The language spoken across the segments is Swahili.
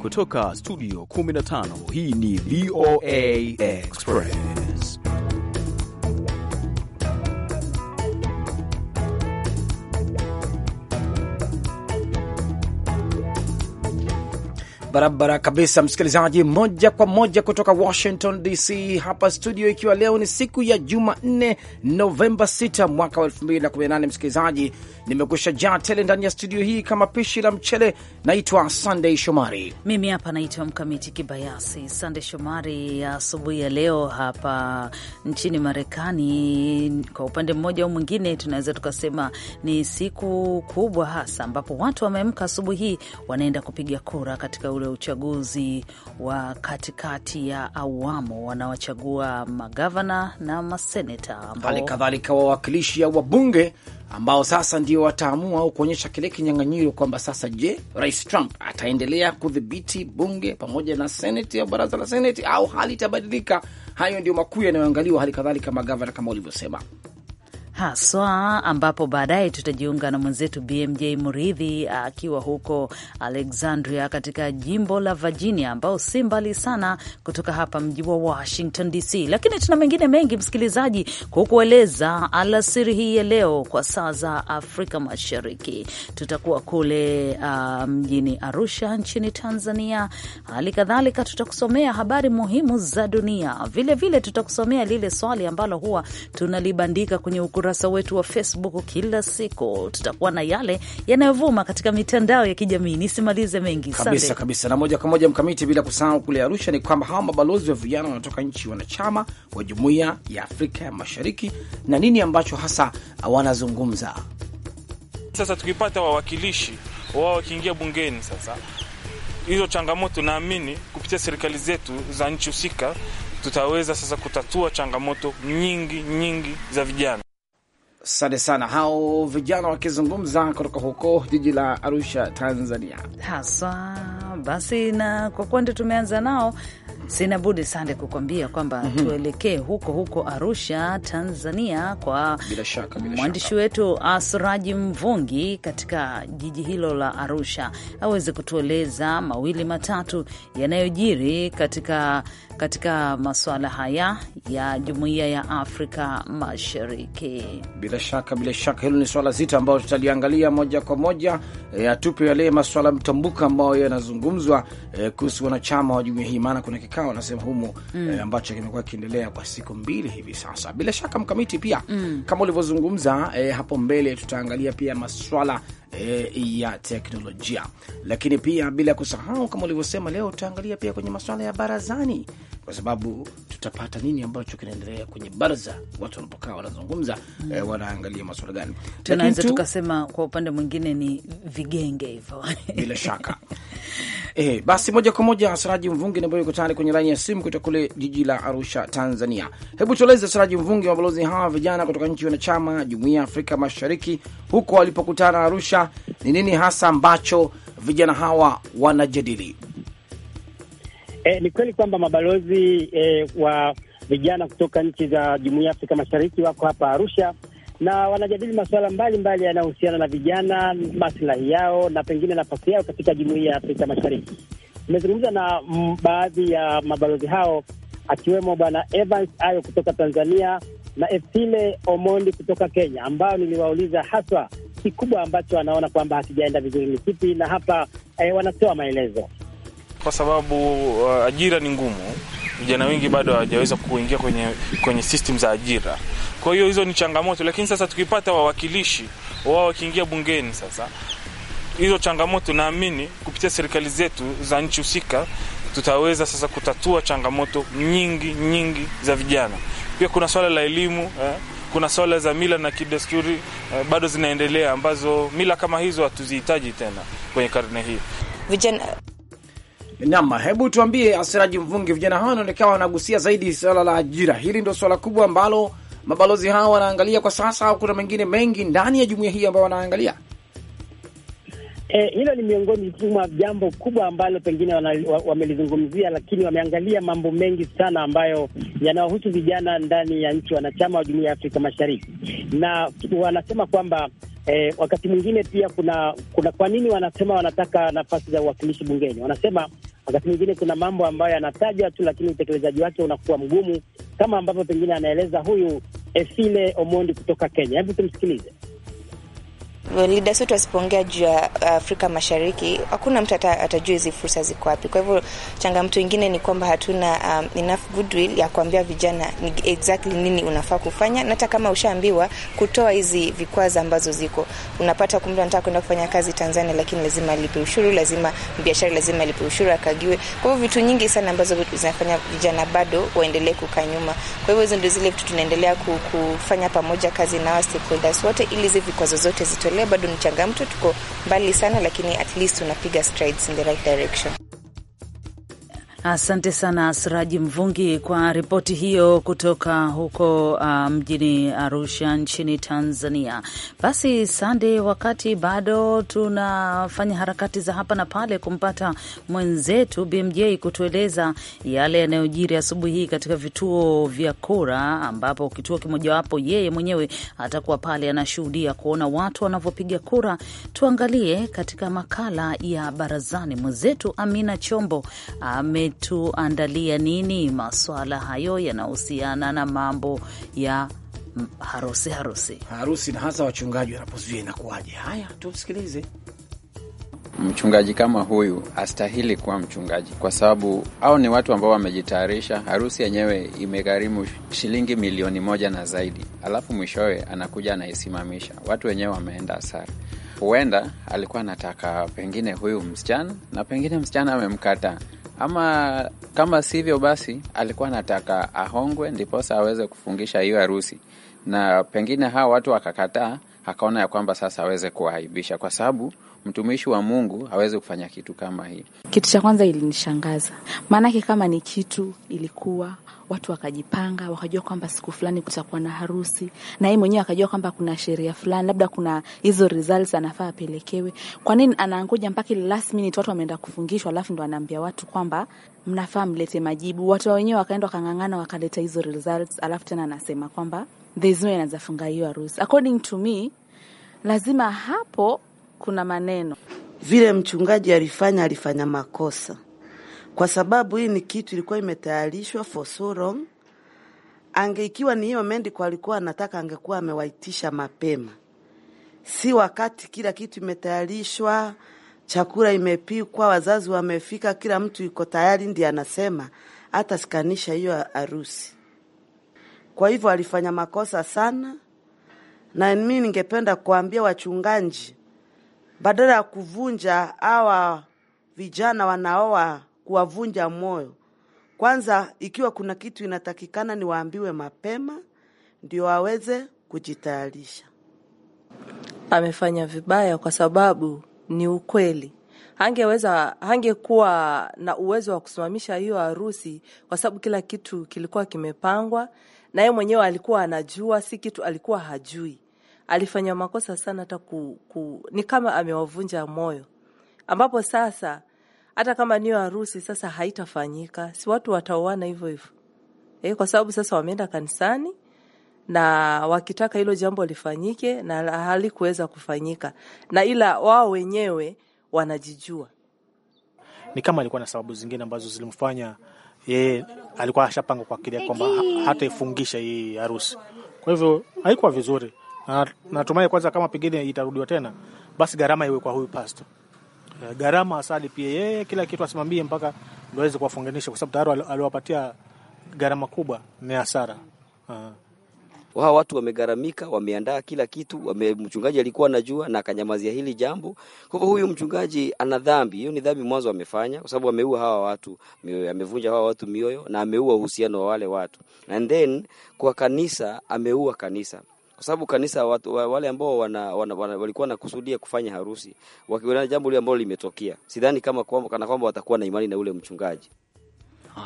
Kutoka studio 15 hii ni VOA Express. Barabara kabisa, msikilizaji, moja kwa moja kutoka Washington DC hapa studio, ikiwa leo ni siku ya Jumanne Novemba 6 mwaka wa 2018. Msikilizaji, nimekusha jaa tele ndani ya studio hii kama pishi la mchele. Naitwa sandey Shomari, mimi hapa naitwa Mkamiti Kibayasi. Sandey Shomari, asubuhi ya, ya leo hapa nchini Marekani, kwa upande mmoja au mwingine tunaweza tukasema ni siku kubwa hasa, ambapo watu wameamka asubuhi hii wanaenda kupiga kura katika ule uchaguzi wa katikati ya awamu, wanawachagua magavana na maseneta, hali kadhalika wawakilishi au wabunge ambao sasa ndio wataamua au kuonyesha kile kinyang'anyiro kwamba sasa, je, Rais Trump ataendelea kudhibiti bunge pamoja na seneti au baraza la seneti au hali itabadilika? Hayo ndio makuu yanayoangaliwa, hali kadhalika magavana kama ulivyosema haswa, ambapo baadaye tutajiunga na mwenzetu BMJ Muridhi akiwa huko Alexandria katika jimbo la Virginia, ambao si mbali sana kutoka hapa mji wa Washington DC. Lakini tuna mengine mengi, msikilizaji, kwa kueleza alasiri hii ya leo. Kwa saa za Afrika Mashariki tutakuwa kule uh, mjini Arusha nchini Tanzania. Hali kadhalika tutakusomea habari muhimu za dunia, vilevile tutakusomea lile swali ambalo huwa tunalibandika kwenye ukura ukurasa wetu wa Facebook. Kila siku tutakuwa na yale yanayovuma katika mitandao ya kijamii. Nisimalize mengi kabisa kabisa, na moja kwa moja mkamiti, bila kusahau kule Arusha ni kwamba hawa mabalozi wa vijana wanatoka nchi wanachama wa Jumuiya ya Afrika ya Mashariki, na nini ambacho hasa wanazungumza sasa? Tukipata wawakilishi wao wakiingia bungeni sasa hizo changamoto naamini kupitia serikali zetu za nchi husika tutaweza sasa kutatua changamoto nyingi nyingi za vijana. Asante sana. Hao vijana wakizungumza kutoka huko jiji la Arusha, Tanzania haswa. Basi na kwa kuwa ndio tumeanza nao Sina budi sande kukwambia kwamba mm -hmm. tuelekee huko huko Arusha, Tanzania, kwa mwandishi wetu Asraji Mvungi katika jiji hilo la Arusha aweze kutueleza mawili matatu yanayojiri katika, katika masuala haya ya jumuiya ya Afrika Mashariki. Bila shaka, bila shaka, hilo ni swala zito ambayo tutaliangalia moja kwa moja. E, atupe yale masuala mtambuka ambayo yanazungumzwa e, kuhusu wanachama wa jumuiya hii, maana kuna kikao Afrika wanasema humo mm. eh, ambacho kimekuwa kikiendelea kwa siku mbili hivi sasa. Bila shaka mkamiti pia mm. kama ulivyozungumza eh, hapo mbele tutaangalia pia maswala e, ya teknolojia, lakini pia bila kusahau kama ulivyosema leo tutaangalia pia kwenye masuala ya barazani kwa sababu tutapata nini ambacho kinaendelea kwenye baraza, watu wanapokaa wanazungumza, eh, mm. eh, wanaangalia maswala gani. Tunaweza tukasema kwa upande mwingine ni vigenge hivyo bila shaka Eh, basi moja kwa moja Saraji Mvungi nambayo yuko tayari kwenye laini ya simu kutoka kule jiji la Arusha, Tanzania. Hebu tueleze Saraji Mvungi, mabalozi hawa vijana kutoka nchi wanachama jumuia ya Afrika Mashariki, huko walipokutana Arusha, ni nini hasa ambacho vijana hawa wanajadili? Eh, ni kweli kwamba mabalozi eh, wa vijana kutoka nchi za Jumuiya ya Afrika Mashariki wako hapa Arusha na wanajadili masuala mbalimbali yanayohusiana na vijana, maslahi yao na pengine nafasi yao katika Jumuiya ya Afrika Mashariki. Nimezungumza na mm, baadhi ya mabalozi hao akiwemo Bwana Evans Ayo kutoka Tanzania na Efile Omondi kutoka Kenya, ambao niliwauliza haswa kikubwa ambacho wanaona kwamba hakijaenda vizuri ni kipi, na hapa eh, wanatoa maelezo kwa sababu uh, ajira ni ngumu. Vijana wengi bado hawajaweza kuingia kwenye, kwenye system za ajira. Kwa hiyo hizo ni changamoto, lakini sasa tukipata wawakilishi wao wakiingia bungeni sasa hizo changamoto, naamini kupitia serikali zetu za nchi husika tutaweza sasa kutatua changamoto nyingi nyingi za vijana. Pia kuna swala la elimu eh, kuna swala za mila na kidesturi eh, bado zinaendelea ambazo mila kama hizo hatuzihitaji tena kwenye karne hii vijana Naam, hebu tuambie Asiraji Mvungi, vijana hawa wanaonekana wanagusia zaidi swala la ajira. Hili ndio swala kubwa ambalo mabalozi hawa wanaangalia kwa sasa, au kuna mengine mengi ndani ya jumuiya hii ambayo wanaangalia? Eh, hilo ni miongoni mwa jambo kubwa ambalo pengine wamelizungumzia wa, wa lakini wameangalia mambo mengi sana ambayo yanawahusu vijana ndani ya nchi wanachama wa jumuiya ya Afrika Mashariki, na wanasema kwamba eh, wakati mwingine pia kuna kuna kwa nini wanasema wanataka nafasi za uwakilishi bungeni? Wanasema wakati mwingine kuna mambo ambayo yanatajwa tu, lakini utekelezaji wake unakuwa mgumu, kama ambavyo pengine anaeleza huyu Esile Omondi kutoka Kenya. Hebu tumsikilize leaders wetu wasipoongea juu ya uh, Afrika Mashariki, hakuna mtu atajua hizi fursa ziko wapi. Kwa hivyo changamoto ingine ni kwamba hatuna um, enough goodwill ya kuambia vijana exactly nini unafaa kufanya, na hata kama ushaambiwa kutoa hizi vikwazo ambazo ziko, unapata kumbe anataka kwenda kufanya kazi Tanzania, lakini lazima alipe ushuru, lazima biashara, lazima alipe ushuru akagiwe. Kwa hivyo vitu nyingi sana ambazo zinafanya vijana bado waendelee kukaa nyuma. Kwa hivyo hizo ndio zile vitu tunaendelea kufanya pamoja kazi na stakeholders wote, ili hizi vikwazo zote zitolewe kuendelea bado ni changamoto, tuko mbali sana, lakini at least tunapiga strides in the right direction. Asante sana Siraji Mvungi kwa ripoti hiyo kutoka huko uh, mjini Arusha nchini Tanzania. Basi Sande, wakati bado tunafanya harakati za hapa na pale kumpata mwenzetu BMJ kutueleza yale yanayojiri asubuhi hii katika vituo vya kura, ambapo kituo kimojawapo yeye mwenyewe atakuwa pale anashuhudia kuona watu wanavyopiga kura. Tuangalie katika makala ya barazani, mwenzetu Amina Chombo ame umetuandalia nini? Maswala hayo yanahusiana na mambo ya harusi, harusi, harusi, na hasa wachungaji wanapozuia inakuwaje? Haya, tusikilize. Mchungaji kama huyu astahili kuwa mchungaji, kwa sababu au ni watu ambao wamejitayarisha. Harusi yenyewe imegharimu shilingi milioni moja na zaidi, alafu mwishowe anakuja anaisimamisha. Watu wenyewe wameenda hasara. Huenda alikuwa anataka pengine huyu msichana, na pengine msichana amemkataa ama kama sivyo, basi alikuwa anataka ahongwe ndiposa aweze kufungisha hiyo harusi, na pengine hawa watu wakakataa, akaona ya kwamba sasa aweze kuwaaibisha kwa sababu mtumishi wa Mungu hawezi kufanya kitu kama hii. Kitu cha kwanza ilinishangaza, maanake kama ni kitu ilikuwa watu wakajipanga, wakajua kwamba siku fulani kutakuwa na harusi, na yeye mwenyewe akajua kwamba kuna sheria fulani, labda kuna hizo results anafaa apelekewe. Kwa nini anangoja mpaka ile last minute watu wameenda kufungishwa, alafu ndo anaambia watu kwamba mnafaa mlete majibu? Watu wenyewe wakaenda wakang'ang'ana, wakaleta hizo results, alafu tena anasema kwamba there is no way anaweza funga hiyo harusi. According to me, lazima hapo kuna maneno vile mchungaji alifanya, alifanya makosa kwa sababu hii ni kitu ilikuwa imetayarishwa for so long. Ange ikiwa ni hiyo Mendiko alikuwa anataka, angekuwa amewaitisha mapema, si wakati kila kitu imetayarishwa, chakula imepikwa, wazazi wamefika, kila mtu yuko tayari, ndi anasema hata sikanisha hiyo harusi. Kwa hivyo alifanya makosa sana, na mimi ningependa kuambia wachungaji badala ya kuvunja hawa vijana wanaoa kuwavunja moyo. Kwanza, ikiwa kuna kitu inatakikana niwaambiwe mapema, ndio waweze kujitayarisha. Amefanya vibaya kwa sababu ni ukweli angeweza angekuwa na uwezo wa kusimamisha hiyo harusi kwa sababu kila kitu kilikuwa kimepangwa, na yeye mwenyewe alikuwa anajua, si kitu alikuwa hajui alifanya makosa sana, hata ku, ku, ni kama amewavunja moyo, ambapo sasa hata kama niyo harusi sasa haitafanyika, si watu wataoana hivyo hivyo e, kwa sababu sasa wameenda kanisani na wakitaka hilo jambo lifanyike na halikuweza kufanyika, na ila wao wenyewe wanajijua. Ni kama alikuwa na sababu zingine ambazo zilimfanya yeye, alikuwa ashapanga kwa akili kwamba hataifungisha hii harusi, kwa hivyo haikuwa vizuri. Na natumai kwanza kama pengine itarudiwa tena, basi gharama iwe kwa huyu pastor. Eh, gharama asali pia yeye kila kitu asimamie mpaka ndo aweze kuwafunganisha, kwa sababu tayari aliwapatia gharama kubwa, ni hasara. Ah. Hawa watu wamegharamika, wameandaa kila kitu, wame mchungaji alikuwa anajua na akanyamazia hili jambo. Kwa hivyo huyu mchungaji ana dhambi, hiyo ni dhambi mwanzo amefanya, kwa sababu ameua hawa watu mioyo, amevunja hawa watu mioyo na ameua uhusiano wa wale watu, and then kwa kanisa ameua kanisa kwa sababu kanisa watu, wale ambao wana, wana, wana, walikuwa nakusudia kufanya harusi wakiona jambo lile ambalo limetokea, sidhani kama kana kwamba watakuwa na imani na ule mchungaji.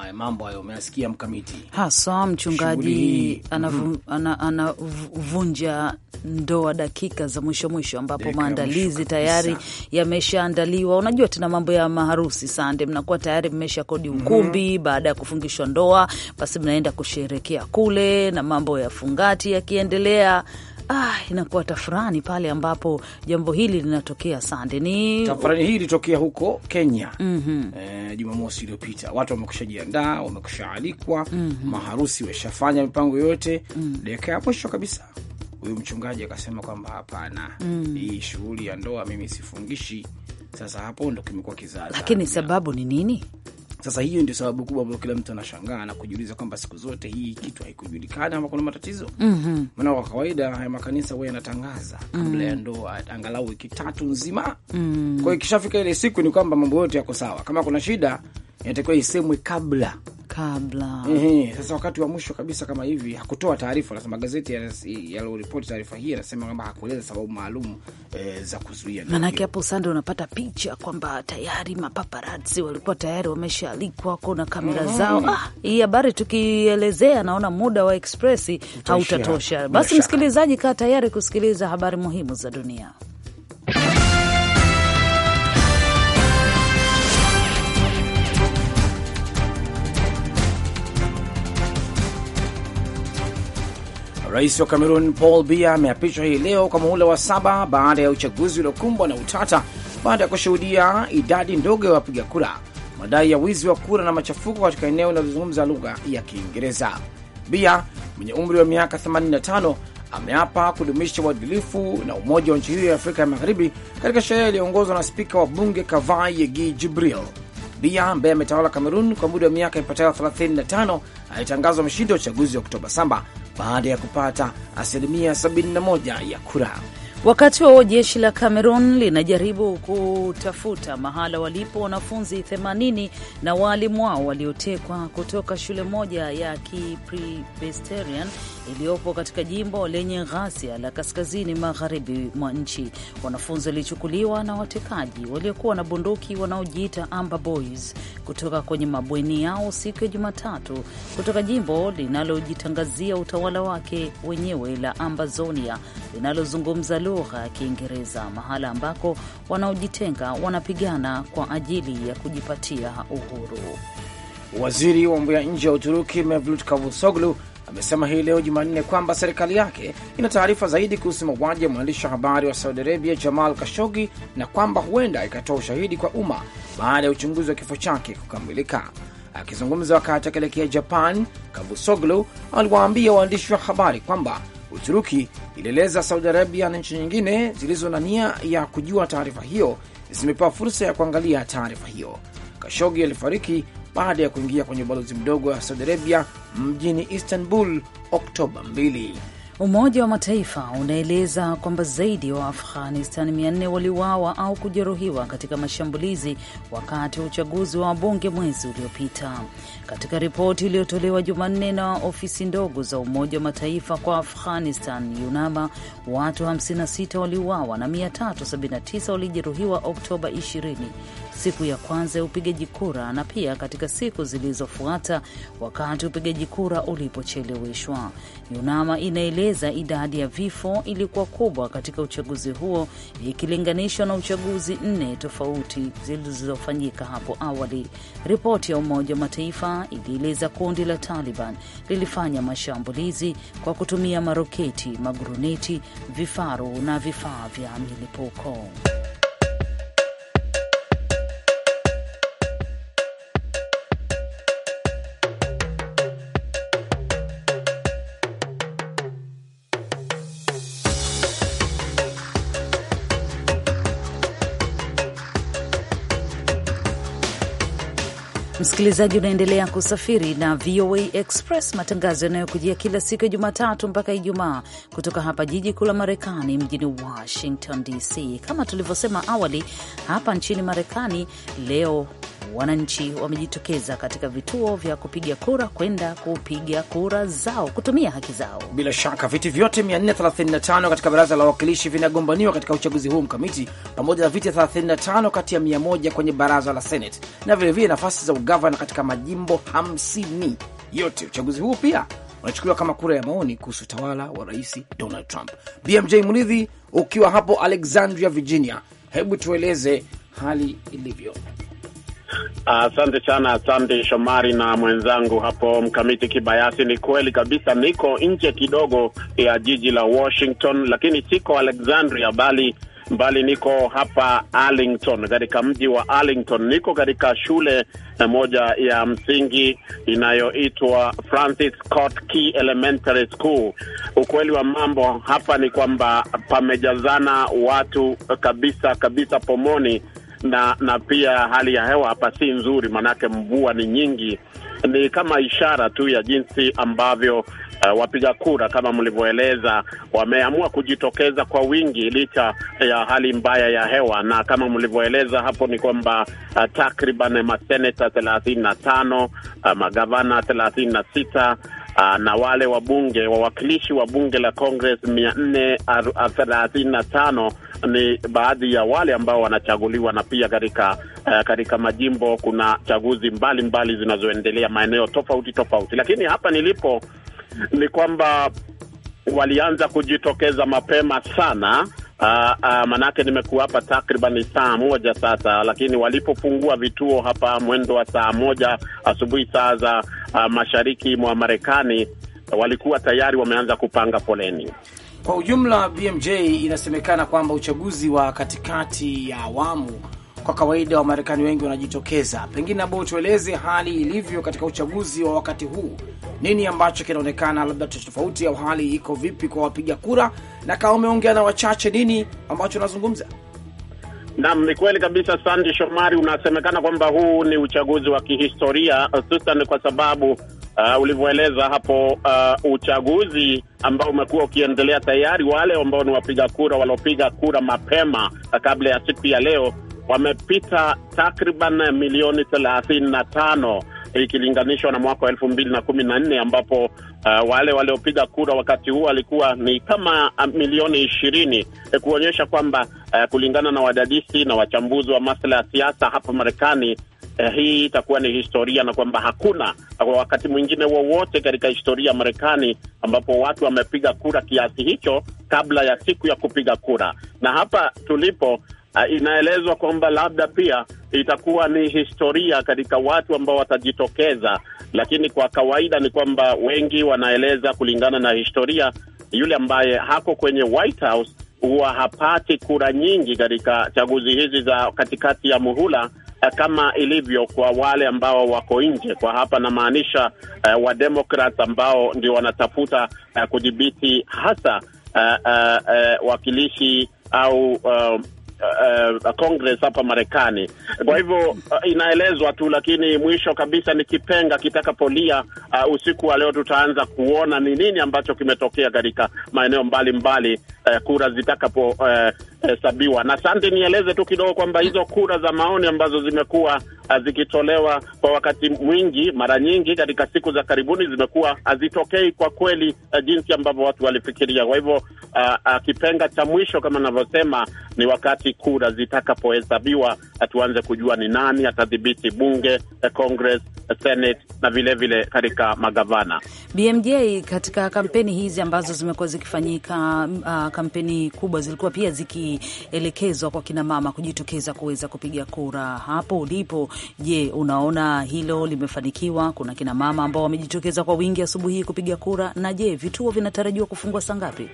Haya mambo hayo umeasikia mkamiti, haswa mchungaji mm-hmm. anavunja ana, ndoa dakika za mwisho mwisho, ambapo maandalizi tayari yameshaandaliwa. Unajua tena mambo ya maharusi sande, mnakuwa tayari mmesha kodi mm-hmm. ukumbi mm -hmm. Baada ya kufungishwa ndoa, basi mnaenda kusherekea kule na mambo ya fungati yakiendelea ah, inakuwa tafurani pale ambapo jambo hili linatokea. Sande ni tafurani hii ilitokea huko Kenya mm -hmm. e, Jumamosi iliyopita watu wamekusha jiandaa, wamekusha alikwa mm -hmm. maharusi washafanya mipango yote mm -hmm. dakika ya mwisho kabisa huyu mchungaji akasema kwamba hapana, mm. hii shughuli ya ndoa mimi sifungishi. Sasa hapo ndo kimekuwa kizaza. Lakini sababu ni nini? Sasa hiyo ndio sababu kubwa ambayo kila mtu anashangaa na kujiuliza kwamba siku zote hii kitu haikujulikana ama kuna matatizo mm -hmm. Maana kwa kawaida haya makanisa huwa yanatangaza kabla mm -hmm. ya mhm. ndoa angalau wiki tatu nzima mm -hmm. Kwa hiyo ikishafika ile siku ni kwamba mambo yote yako sawa, kama kuna shida inatakiwa isemwe kabla kabla. Ehe, sasa wakati wa mwisho kabisa kama hivi hakutoa taarifa. Nasema magazeti yaliyoripoti taarifa hii yanasema kwamba hakueleza sababu maalum e, za kuzuia. Maanake hapo sande unapata picha kwamba tayari mapaparazi walikuwa tayari wameshaalikwa, kamera mm mm-hmm. kamera zao. Ah, hii habari tukielezea, naona muda wa Express hautatosha. Basi msikilizaji, kaa tayari kusikiliza habari muhimu za dunia. Rais wa Cameroon Paul Biya ameapishwa hii leo kwa muhula wa saba baada ya uchaguzi uliokumbwa na utata baada ya kushuhudia idadi ndogo ya wapiga kura, madai ya wizi wa kura na machafuko katika eneo linalozungumza lugha ya Kiingereza. Biya mwenye umri wa miaka 85 ameapa kudumisha uadilifu na umoja wa nchi hiyo ya Afrika ya Magharibi katika sherehe iliyoongozwa na spika wa bunge Kavai Yegi Jibril. Biya ambaye ametawala Kamerun kwa muda wa miaka ipatayo 35 alitangazwa mshindi wa uchaguzi wa Oktoba 7 baada ya kupata asilimia 71 ya kura. Wakati huo jeshi la Cameroon linajaribu kutafuta mahala walipo wanafunzi 80 na waalimu wao waliotekwa kutoka shule moja ya Kipresbiterian iliyopo katika jimbo lenye ghasia la kaskazini magharibi mwa nchi. Wanafunzi walichukuliwa na watekaji waliokuwa na bunduki wanaojiita Amber Boys kutoka kwenye mabweni yao siku ya Jumatatu kutoka jimbo linalojitangazia utawala wake wenyewe la Ambazonia linalozungumza lugha ya Kiingereza, mahala ambako wanaojitenga wanapigana kwa ajili ya kujipatia uhuru. Waziri wa mambo ya nje ya Uturuki Mevlut Cavusoglu amesema hii leo Jumanne kwamba serikali yake ina taarifa zaidi kuhusu mauaji ya mwandishi wa habari wa Saudi Arabia Jamal Kashogi na kwamba huenda ikatoa ushahidi kwa umma baada ya uchunguzi wa kifo chake kukamilika. Akizungumza wakati akielekea Japan, Kavusoglu aliwaambia waandishi wa habari kwamba Uturuki ilieleza Saudi Arabia na nchi nyingine zilizo na nia ya kujua taarifa hiyo zimepewa fursa ya kuangalia taarifa hiyo. Kashogi alifariki baada ya kuingia kwenye ubalozi mdogo wa Saudi Arabia mjini Istanbul Oktoba 2. Umoja wa Mataifa unaeleza kwamba zaidi ya wa Waafghanistan 400 waliuawa au kujeruhiwa katika mashambulizi wakati wa uchaguzi wa wabunge mwezi uliopita. Katika ripoti iliyotolewa Jumanne na ofisi ndogo za Umoja wa Mataifa kwa Afghanistan, YUNAMA, watu 56 waliuawa na 379 walijeruhiwa Oktoba 20 siku ya kwanza ya upigaji kura na pia katika siku zilizofuata wakati upigaji kura ulipocheleweshwa. YUNAMA inaeleza idadi ya vifo ilikuwa kubwa katika uchaguzi huo ikilinganishwa na uchaguzi nne tofauti zilizofanyika hapo awali. Ripoti ya Umoja wa Mataifa Ijumaa ilieleza kundi la Taliban lilifanya mashambulizi kwa kutumia maroketi, maguruneti, vifaru na vifaa vya milipuko. Msikilizaji, unaendelea kusafiri na VOA Express, matangazo yanayokujia kila siku ya Jumatatu mpaka Ijumaa kutoka hapa jiji kuu la Marekani, mjini Washington DC. Kama tulivyosema awali, hapa nchini Marekani leo wananchi wamejitokeza katika vituo vya kupiga kura kwenda kupiga kura zao kutumia haki zao. Bila shaka viti vyote 435 katika baraza la wawakilishi vinagombaniwa katika uchaguzi huu mkamiti, pamoja na viti 35 kati ya 100 kwenye baraza la Senate na vilevile nafasi za ugavana katika majimbo 50 yote. Uchaguzi huu pia unachukuliwa kama kura ya maoni kuhusu utawala wa Rais Donald Trump. BMJ Mridhi, ukiwa hapo Alexandria, Virginia, hebu tueleze hali ilivyo. Asante uh, sana asante Shomari na mwenzangu hapo mkamiti kibayasi. Ni kweli kabisa, niko nje kidogo ya jiji la Washington, lakini siko Alexandria, bali mbali niko hapa Arlington, katika mji wa Arlington. Niko katika shule eh, moja ya msingi inayoitwa Francis Scott Key Elementary School. Ukweli wa mambo hapa ni kwamba pamejazana watu eh, kabisa kabisa pomoni na na pia hali ya hewa hapa si nzuri, manake mvua ni nyingi. Ni kama ishara tu ya jinsi ambavyo uh, wapiga kura kama mlivyoeleza wameamua kujitokeza kwa wingi licha ya hali mbaya ya hewa, na kama mlivyoeleza hapo ni kwamba uh, takriban maseneta thelathini na tano uh, magavana thelathini na sita uh, na wale wabunge wawakilishi wa bunge la Congress mia nne thelathini na tano ni baadhi ya wale ambao wanachaguliwa, na pia katika uh, katika majimbo kuna chaguzi mbalimbali zinazoendelea maeneo tofauti tofauti, lakini hapa nilipo ni kwamba walianza kujitokeza mapema sana. Uh, uh, manake nimekuwa hapa takriban saa moja sasa, lakini walipofungua vituo hapa mwendo wa saa moja asubuhi saa za uh, mashariki mwa Marekani walikuwa tayari wameanza kupanga foleni. Kwa ujumla, BMJ, inasemekana kwamba uchaguzi wa katikati ya awamu kwa kawaida Wamarekani wengi wanajitokeza. Pengine ambao tueleze hali ilivyo katika uchaguzi wa wakati huu, nini ambacho kinaonekana labda tofauti, au hali iko vipi kwa wapiga kura, na kama umeongea na wachache, nini ambacho unazungumza? Naam, ni kweli kabisa, Sandi Shomari. Unasemekana kwamba huu ni uchaguzi wa kihistoria, hususan kwa sababu uh, ulivyoeleza hapo, uh, uchaguzi ambao umekuwa ukiendelea tayari, wale ambao ni wapiga kura waliopiga kura mapema uh, kabla ya siku ya leo wamepita takriban milioni thelathini na tano ikilinganishwa na mwaka wa elfu mbili na kumi na nne ambapo uh, wale waliopiga kura wakati huo walikuwa ni kama uh, milioni ishirini eh, kuonyesha kwamba uh, kulingana na wadadisi na wachambuzi wa masuala ya siasa hapa Marekani uh, hii itakuwa ni historia na kwamba hakuna kwa uh, wakati mwingine wowote katika historia ya Marekani ambapo watu wamepiga kura kiasi hicho kabla ya siku ya kupiga kura, na hapa tulipo Ah, inaelezwa kwamba labda pia itakuwa ni historia katika watu ambao watajitokeza, lakini kwa kawaida ni kwamba wengi wanaeleza, kulingana na historia, yule ambaye hako kwenye White House huwa hapati kura nyingi katika chaguzi hizi za katikati ya muhula eh, kama ilivyo kwa wale ambao wako nje. Kwa hapa namaanisha uh, eh, wademokrat ambao ndio wanatafuta uh, kudhibiti hasa uh, uh, uh, wakilishi au uh, uh, Congress hapa Marekani. Kwa hivyo uh, inaelezwa tu, lakini mwisho kabisa ni kipenga kitakapolia, uh, usiku wa leo tutaanza kuona ni nini ambacho kimetokea katika maeneo mbalimbali mbali, uh, kura zitakapo uh, kuhesabiwa. Na sante, nieleze tu kidogo kwamba hizo kura za maoni ambazo zimekuwa ah, zikitolewa kwa wakati mwingi, mara nyingi katika siku za karibuni, zimekuwa hazitokei kwa kweli ah, jinsi ambavyo watu walifikiria. Kwa hivyo ah, kipenga cha mwisho kama navyosema ni wakati kura zitakapohesabiwa, tuanze kujua ni nani atadhibiti bunge, eh, Congress, eh, Senate na vilevile katika magavana. BMJ, katika kampeni hizi ambazo zimekuwa zikifanyika, uh, kampeni kubwa zilikuwa pia ziki ilielekezwa kwa kinamama kujitokeza kuweza kupiga kura. Hapo ulipo, je, unaona hilo limefanikiwa? Kuna kinamama ambao wamejitokeza kwa wingi asubuhi hii kupiga kura, na je, vituo vinatarajiwa kufungwa saa ngapi?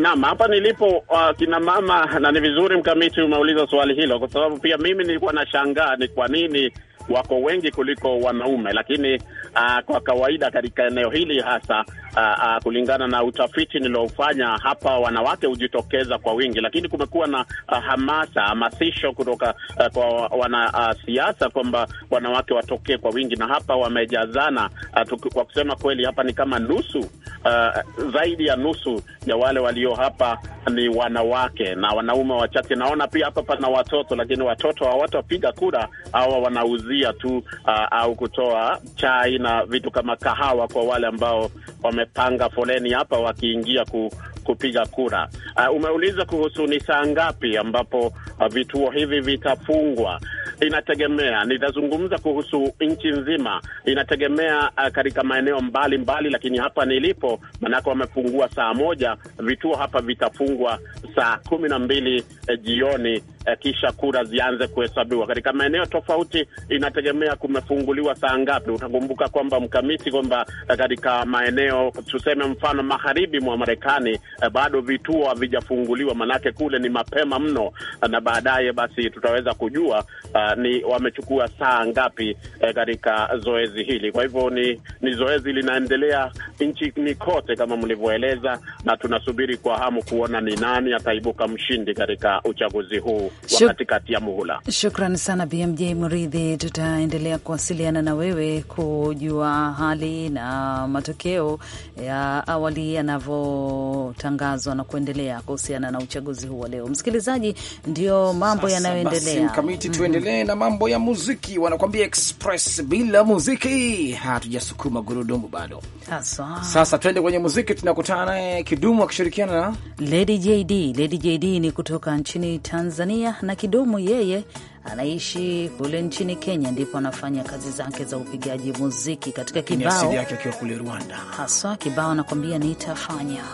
Naam, hapa nilipo uh, kina mama, na ni vizuri mkamiti umeuliza swali hilo, kwa sababu pia mimi nilikuwa nashangaa ni kwa nini wako wengi kuliko wanaume, lakini uh, kwa kawaida katika eneo hili hasa uh, uh, kulingana na utafiti niliofanya hapa, wanawake hujitokeza kwa wingi, lakini kumekuwa na uh, hamasa hamasisho kutoka uh, kwa wanasiasa uh, kwamba wanawake watokee kwa wingi, na hapa wamejazana uh, kwa kusema kweli hapa ni kama nusu uh, zaidi ya nusu ya wale walio hapa ni wanawake na wanaume wachache. Naona pia hapa pana watoto, lakini watoto hawatapiga kura. Hawa wanauzia tu uh, au kutoa chai na vitu kama kahawa kwa wale ambao wamepanga foleni hapa wakiingia ku kupiga kura. Uh, umeuliza kuhusu ni saa ngapi ambapo uh, vituo hivi vitafungwa. Inategemea, nitazungumza kuhusu nchi nzima, inategemea uh, katika maeneo mbalimbali mbali, lakini hapa nilipo manako wamefungua saa moja, vituo hapa vitafungwa saa kumi na mbili eh, jioni eh, kisha kura zianze kuhesabiwa katika maeneo tofauti. Inategemea kumefunguliwa saa ngapi. Utakumbuka kwamba mkamiti kwamba eh, katika maeneo tuseme, mfano magharibi mwa Marekani eh, bado vituo havijafunguliwa, manake kule ni mapema mno, eh, na baadaye basi tutaweza kujua uh, ni wamechukua saa ngapi eh, katika zoezi hili. Kwa hivyo ni, ni zoezi linaendelea nchini kote kama mlivyoeleza, na tunasubiri kwa hamu kuona ni nani ataibuka mshindi katika uchaguzi huu wa katikati ya muhula. Shukran sana BMJ Mridhi, tutaendelea kuwasiliana na wewe kujua hali na matokeo ya awali yanavyotangazwa na kuendelea kuhusiana na uchaguzi huu wa leo. Msikilizaji, ndio mambo yanayoendelea kamiti. mm -hmm. Tuendelee na mambo ya muziki, wanakuambia express bila muziki hatujasukuma gurudumu bado. Aswa. Sasa tuende kwenye muziki, tunakutana naye Kidumu akishirikiana na Lady JD. Lady JD ni kutoka nchini Tanzania Tanzania na Kidumu yeye anaishi kule nchini Kenya, ndipo anafanya kazi zake za upigaji muziki katika kibao, yake akiwa kule Rwanda, haswa kibao anakwambia nitafanya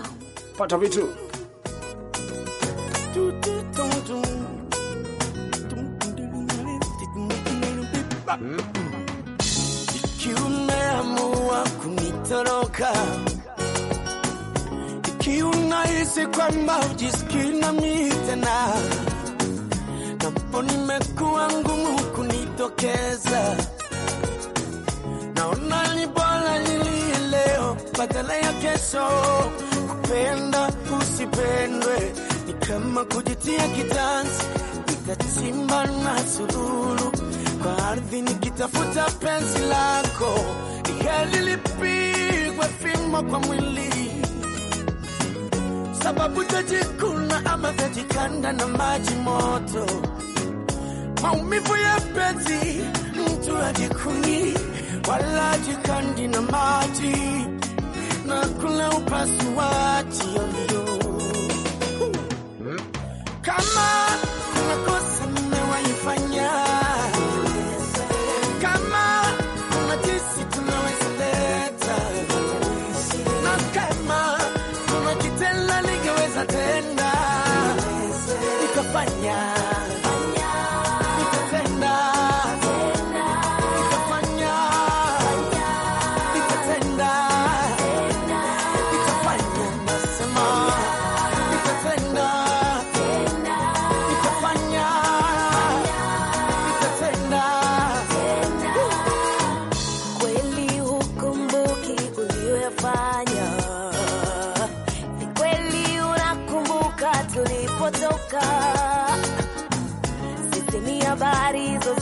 pata vitu hmm. Ikiwa kunitoroka, ikiwa kwamba ujisikina mitena napo nimekuwa ngumu kunitokeza, naona ni bora nilie leo badala ya kesho. Kupenda usipendwe ni kama kujitia kitanzi, nitachimba na sululu kwa ardhi nikitafuta penzi lako, ni heli lipigwe fimbo kwa mwili sababu tajikuna ama tajikanda na maji moto, maumivu ya peti, mtu ajikuni wala ajikandi na maji na kula upasuaji ovyo kama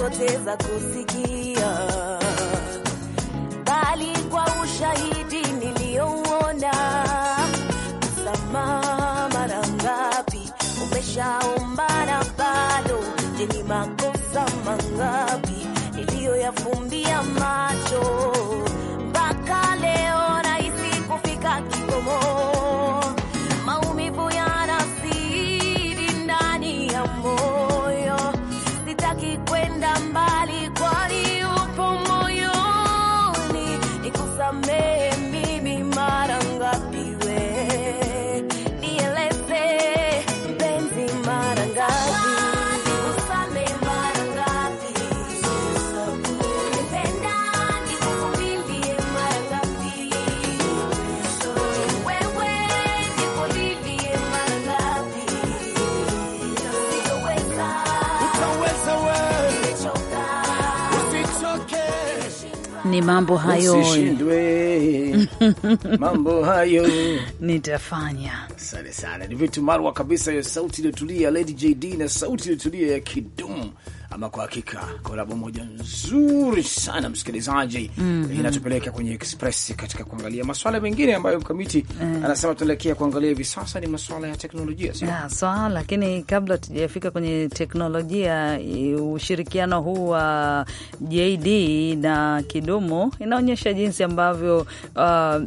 kupoteza kusikia, bali kwa ushahidi niliyouona. Msamaha mara ngapi na bado? Je, ni makosa mangapi niliyoyafumbia? ni mambo hayo, usishindwe mambo hayo nitafanya. Asante sana, ni vitu marwa kabisa ya sauti iliyotulia Lady JD na sauti iliyotulia ya kidumu ama kwa hakika kolabo moja nzuri sana msikilizaji, mm -hmm. inatupeleka kwenye express katika kuangalia maswala mengine ambayo mkamiti mm. anasema tunaelekea kuangalia hivi sasa ni maswala ya teknolojia swala so. So, lakini kabla tujafika kwenye teknolojia, ushirikiano huu wa JD na Kidumu inaonyesha jinsi ambavyo uh,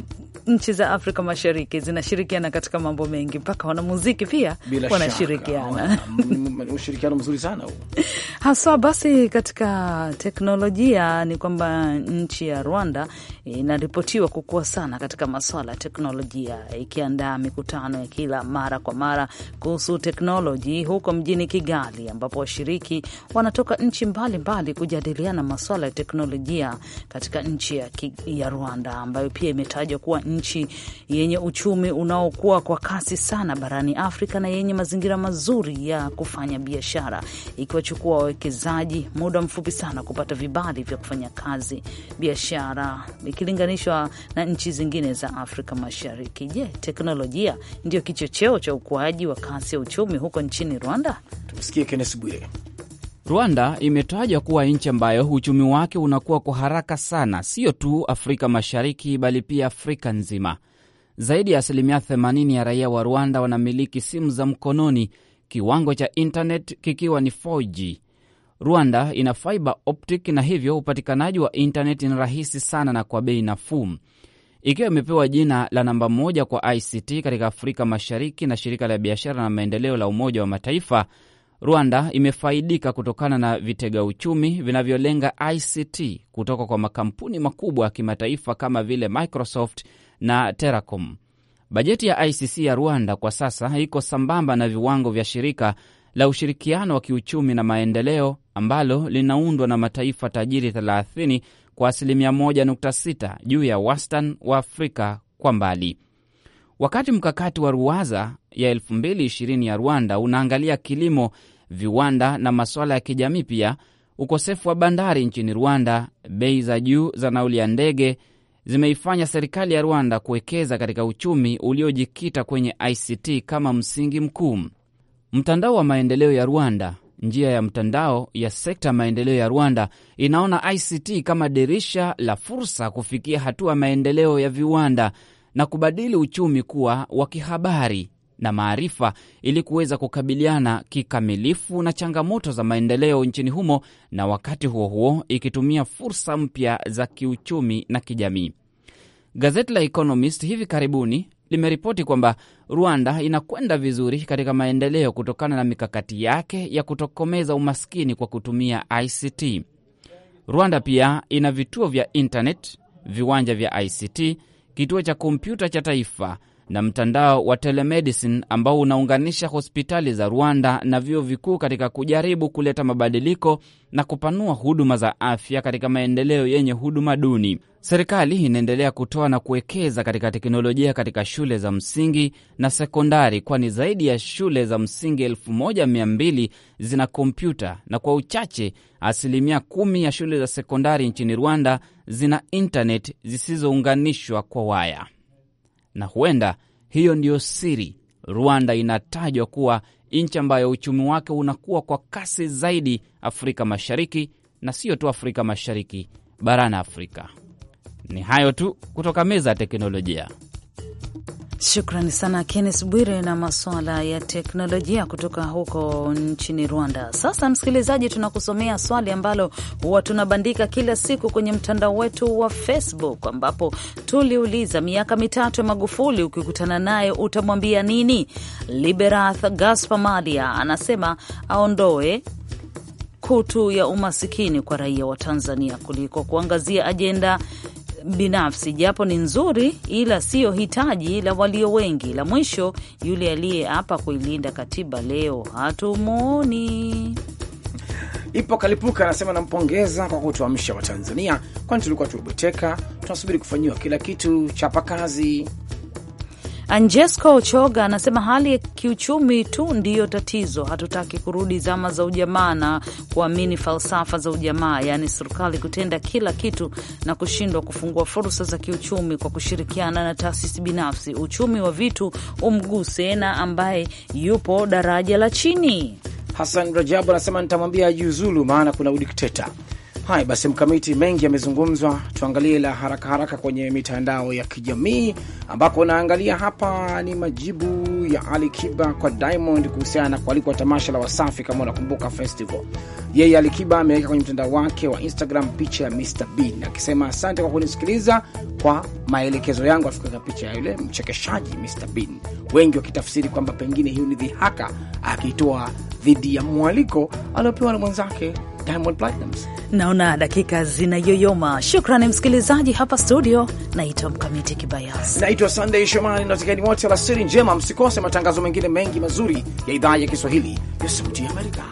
nchi za Afrika Mashariki zinashirikiana katika mambo mengi, mpaka wanamuziki pia wanashirikiana. Ushirikiano mzuri sana huu haswa. Basi katika teknolojia ni kwamba nchi ya Rwanda inaripotiwa kukua sana katika maswala ya teknolojia, ikiandaa mikutano ya kila mara kwa mara kuhusu teknoloji huko mjini Kigali, ambapo washiriki wanatoka nchi mbalimbali kujadiliana maswala ya teknolojia katika nchi ya, ya Rwanda ambayo pia imetajwa kuwa nchi yenye uchumi unaokuwa kwa kasi sana barani Afrika na yenye mazingira mazuri ya kufanya biashara, ikiwachukua wawekezaji muda mfupi sana kupata vibali vya kufanya kazi biashara ikilinganishwa na nchi zingine za Afrika Mashariki. Je, teknolojia ndio kichocheo cha ukuaji wa kasi ya uchumi huko nchini Rwanda? Tumsikie Kennes Bwire. Rwanda imetajwa kuwa nchi ambayo uchumi wake unakuwa kwa haraka sana, sio tu Afrika Mashariki bali pia Afrika nzima. Zaidi ya asilimia 80 ya raia wa Rwanda wanamiliki simu za mkononi, kiwango cha intanet kikiwa ni 4G. Rwanda ina fiber optic na hivyo upatikanaji wa intnet ni rahisi sana na kwa bei nafuu, ikiwa imepewa jina la namba moja kwa ICT katika Afrika Mashariki na shirika la biashara na maendeleo la Umoja wa Mataifa. Rwanda imefaidika kutokana na vitega uchumi vinavyolenga ICT kutoka kwa makampuni makubwa ya kimataifa kama vile Microsoft na Teracom. Bajeti ya ICC ya Rwanda kwa sasa iko sambamba na viwango vya shirika la ushirikiano wa kiuchumi na maendeleo ambalo linaundwa na mataifa tajiri 30 kwa asilimia 1.6 juu ya wastani wa Afrika kwa mbali. Wakati mkakati wa Ruwaza ya 2020 ya Rwanda unaangalia kilimo viwanda na masuala ya kijamii, pia ukosefu wa bandari nchini Rwanda, bei za juu za nauli ya ndege zimeifanya serikali ya Rwanda kuwekeza katika uchumi uliojikita kwenye ICT kama msingi mkuu. Mtandao wa maendeleo ya Rwanda, njia ya mtandao ya sekta maendeleo ya Rwanda inaona ICT kama dirisha la fursa kufikia hatua maendeleo ya viwanda na kubadili uchumi kuwa wa kihabari na maarifa ili kuweza kukabiliana kikamilifu na changamoto za maendeleo nchini humo, na wakati huo huo ikitumia fursa mpya za kiuchumi na kijamii. Gazeti la Economist hivi karibuni limeripoti kwamba Rwanda inakwenda vizuri katika maendeleo kutokana na mikakati yake ya kutokomeza umaskini kwa kutumia ICT. Rwanda pia ina vituo vya internet, viwanja vya ICT, kituo cha kompyuta cha taifa na mtandao wa telemedicine ambao unaunganisha hospitali za Rwanda na vyuo vikuu katika kujaribu kuleta mabadiliko na kupanua huduma za afya katika maendeleo yenye huduma duni. Serikali inaendelea kutoa na kuwekeza katika teknolojia katika shule za msingi na sekondari, kwani zaidi ya shule za msingi 1200 zina kompyuta na kwa uchache asilimia kumi ya shule za sekondari nchini Rwanda zina intanet zisizounganishwa kwa waya na huenda hiyo ndiyo siri. Rwanda inatajwa kuwa nchi ambayo uchumi wake unakuwa kwa kasi zaidi Afrika Mashariki, na siyo tu Afrika Mashariki, barani Afrika. Ni hayo tu kutoka meza ya teknolojia. Shukrani sana Kennes Bwire na masuala ya teknolojia kutoka huko nchini Rwanda. Sasa msikilizaji, tunakusomea swali ambalo huwa tunabandika kila siku kwenye mtandao wetu wa Facebook, ambapo tuliuliza miaka mitatu ya Magufuli ukikutana naye utamwambia nini? Liberath Gaspar Malia anasema aondoe kutu ya umasikini kwa raia wa Tanzania kuliko kuangazia ajenda binafsi japo ni nzuri, ila siyo hitaji la walio wengi. La mwisho, yule aliyeapa kuilinda katiba leo hatumwoni. Ipo Kalipuka anasema nampongeza kwa kutuamsha Watanzania, kwani tulikuwa tumebweteka, tunasubiri kufanyiwa kila kitu. Chapa kazi. Anjesco Ochoga anasema hali ya kiuchumi tu ndiyo tatizo, hatutaki kurudi zama za ujamaa na kuamini falsafa za ujamaa, yaani serikali kutenda kila kitu na kushindwa kufungua fursa za kiuchumi kwa kushirikiana na taasisi binafsi. Uchumi wa vitu umguse na ambaye yupo daraja la chini. Hasan Rajabu anasema nitamwambia ajiuzulu, maana kuna udikteta Haya basi, mkamiti mengi yamezungumzwa, tuangalie la haraka haraka kwenye mitandao ya kijamii ambako unaangalia hapa ni majibu ya Ali Kiba kwa Diamond kuhusiana na kualikwa tamasha la Wasafi kama unakumbuka festival. Yeye Ali Kiba ameweka kwenye mtandao wake wa Instagram picha ya Mr Bean akisema asante kwa kunisikiliza kwa maelekezo yangu, afikaka picha ya yule mchekeshaji Mr Bean, wengi wakitafsiri kwamba pengine hiyo ni dhihaka akitoa dhidi ya mwaliko aliopewa na mwenzake Diamond Platnumz. Naona dakika zinayoyoma. Shukrani msikilizaji hapa studio, naitwa Mkamiti Kibayasi, naitwa Sunday Shomari na watakieni wote alasiri njema. Msikose matangazo mengine mengi mazuri ya idhaa ya Kiswahili ya Sauti ya Amerika.